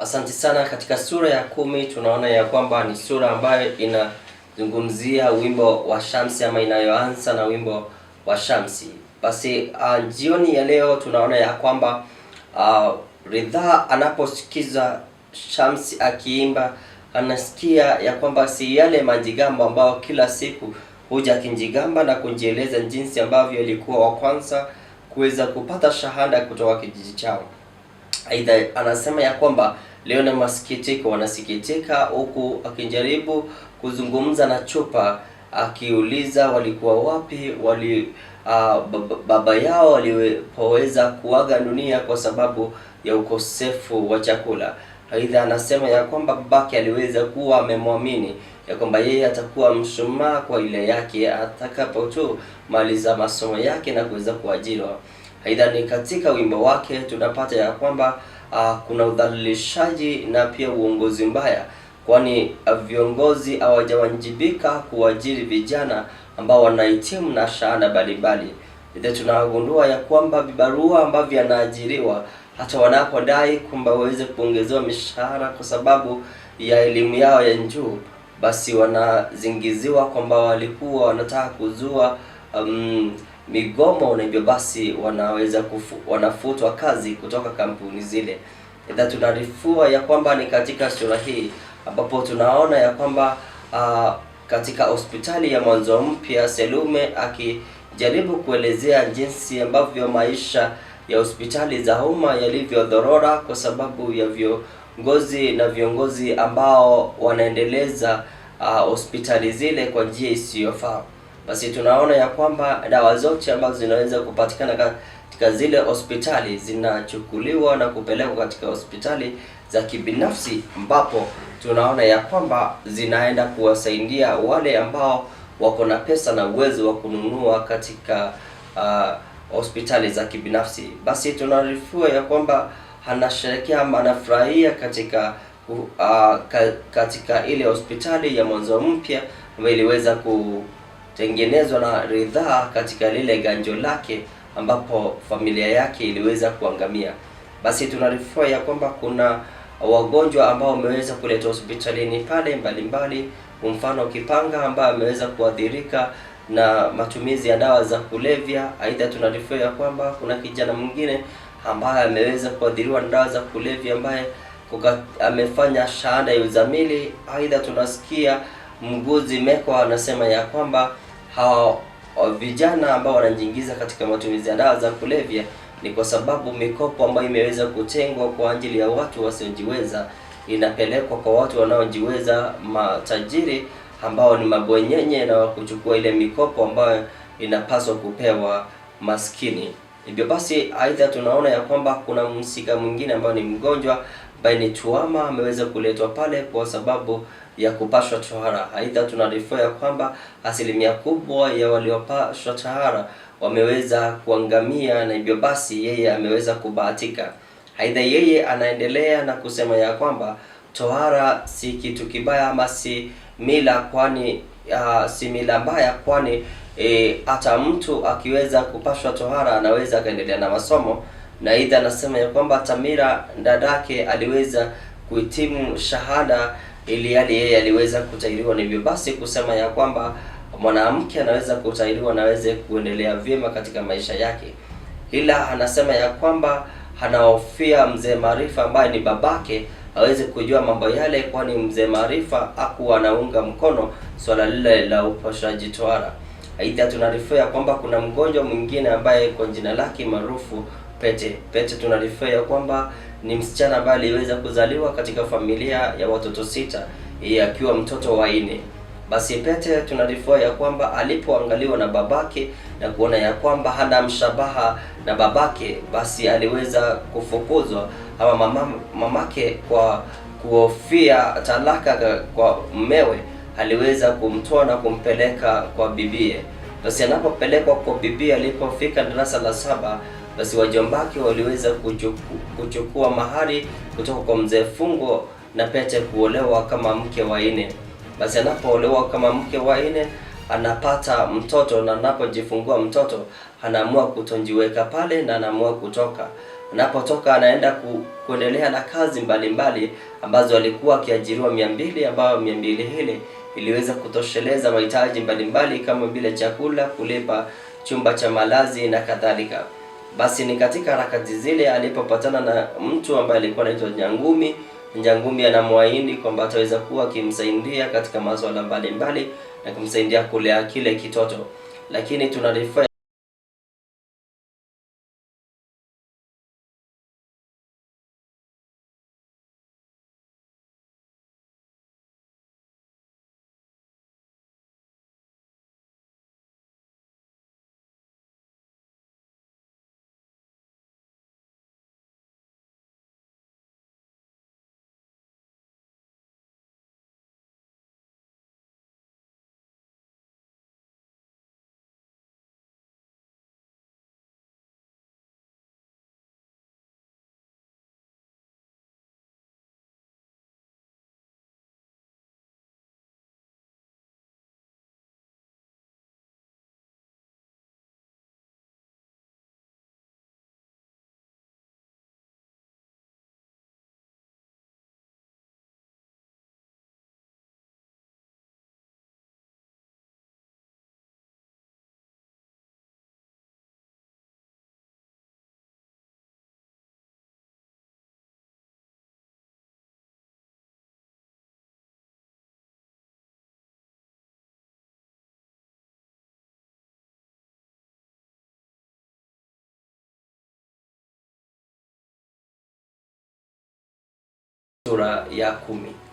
Asante sana. Katika sura ya kumi tunaona ya kwamba ni sura ambayo inazungumzia wimbo wa Shamsi ama inayoanza na wimbo wa Shamsi. Basi uh, jioni ya leo tunaona ya kwamba uh, ah, Ridhaa anaposikiza Shamsi akiimba anasikia ya kwamba si yale majigambo ambayo kila siku huja akijigamba na kujieleza jinsi ambavyo alikuwa wa kwanza kuweza kupata shahada kutoka kijiji chao. Aidha, anasema ya kwamba leo na masikitiko wanasikitika, huku akijaribu kuzungumza na Chupa akiuliza walikuwa wapi wali Uh, baba yao walipoweza kuaga dunia kwa sababu ya ukosefu wa chakula. Aidha, anasema ya kwamba babake aliweza kuwa amemwamini ya kwamba yeye atakuwa mshumaa kwa ile yake atakapo tu maliza masomo yake na kuweza kuajiriwa. Aidha, ni katika wimbo wake tunapata ya kwamba uh, kuna udhalilishaji na pia uongozi mbaya, kwani ah, viongozi hawajawajibika kuajiri vijana ambao wanahitimu na shahada mbalimbali. Aidha, tunagundua ya kwamba vibarua ambavyo yanaajiriwa hata wanapodai kwamba waweze kuongezewa mishahara kwa sababu ya elimu yao ya juu, basi wanazingiziwa kwamba walikuwa wanataka kuzua um, migomo na hivyo basi wanaweza kufu, wanafutwa kazi kutoka kampuni zile. Aidha, tunarifua ya kwamba ni katika sura hii ambapo tunaona ya kwamba uh, katika hospitali ya Mwanzo Mpya Selume akijaribu kuelezea jinsi ambavyo maisha ya hospitali za umma yalivyodhorora kwa sababu ya viongozi na viongozi ambao wanaendeleza ah, hospitali uh, zile kwa njia isiyofaa basi tunaona ya kwamba dawa zote ambazo zinaweza kupatikana katika zile hospitali zinachukuliwa na kupelekwa katika hospitali za kibinafsi, ambapo tunaona ya kwamba zinaenda kuwasaidia wale ambao wako na pesa na uwezo wa kununua katika uh, hospitali za kibinafsi. Basi tunaarifiwa ya kwamba anasherekea ama anafurahia katika uh, katika ile hospitali ya Mwanzo Mpya ambayo iliweza ku tengenezwa na ridhaa katika lile ganjo lake ambapo familia yake iliweza kuangamia. Basi tunarifua ya kwamba kuna wagonjwa ambao wameweza kuleta hospitalini pale mbalimbali, mfano Kipanga ambaye ameweza kuathirika na matumizi ya dawa za kulevya. Aidha, tunarifua ya kwamba kuna kijana mwingine ambaye ameweza kuathiriwa na dawa za kulevya ambaye kuka, amefanya shahada ya uzamili. Aidha, tunasikia mguzi Meko anasema ya kwamba hawa vijana ambao wanajiingiza katika matumizi ya dawa za kulevya ni kwa sababu mikopo ambayo imeweza kutengwa kwa ajili ya watu wasiojiweza inapelekwa kwa watu wanaojiweza, matajiri ambao ni mabwenyenye na kuchukua ile mikopo ambayo inapaswa kupewa maskini. Hivyo basi, aidha tunaona ya kwamba kuna mhusika mwingine ambayo ni mgonjwa Baini Tuama ameweza kuletwa pale kwa sababu ya kupashwa tohara. Aidha, tunaarifiwa ya kwamba asilimia kubwa ya waliopashwa tohara wameweza kuangamia, na hivyo basi yeye ameweza kubahatika. Aidha, yeye anaendelea na kusema ya kwamba tohara si kitu kibaya ama si mila kwani uh, si mila mbaya kwani eh, hata e, mtu akiweza kupashwa tohara anaweza akaendelea na masomo na aidha anasema ya kwamba Tamira dadake aliweza kuhitimu shahada ili yani yeye aliweza kutahiriwa, ni hivyo basi kusema ya kwamba mwanamke anaweza kutahiriwa na aweze kuendelea vyema katika maisha yake, ila anasema ya kwamba anahofia mzee Maarifa ambaye ni babake aweze kujua mambo yale, kwani mzee Maarifa hakuwa anaunga mkono swala lile la upashaji tohara. Aidha, tunaarifiwa ya kwamba kuna mgonjwa mwingine ambaye kwa jina lake maarufu Pete. Pete tunarifaa ya kwamba ni msichana ambaye aliweza kuzaliwa katika familia ya watoto sita, yeye akiwa mtoto wa nne. Basi Pete tunarifaa ya kwamba alipoangaliwa na babake na kuona ya kwamba hana mshabaha na babake, basi aliweza kufukuzwa ama mama, mamake kwa kuhofia talaka kwa mmewe aliweza kumtoa na kumpeleka kwa bibie. Basi anapopelekwa kwa bibie, alipofika darasa la saba basi wajomba waliweza waliweza kuchukua mahari kutoka kwa mzee Fungo na Pete kuolewa kama mke wa nne. Basi anapoolewa kama mke wa nne anapata mtoto na anapojifungua mtoto anaamua kutonjiweka pale na anaamua kutoka. Anapotoka anaenda ku, kuendelea na kazi mbalimbali mbali, ambazo alikuwa akiajiriwa mia mbili ambayo mia mbili hili iliweza kutosheleza mahitaji mbalimbali kama vile chakula, kulipa chumba cha malazi na kadhalika. Basi ni katika harakati zile alipopatana na mtu ambaye alikuwa anaitwa Nyangumi. Nyangumi anamwahidi kwamba ataweza kuwa akimsaidia katika masuala mbalimbali na kumsaidia kulea kile kitoto, lakini tunarifa sura ya kumi.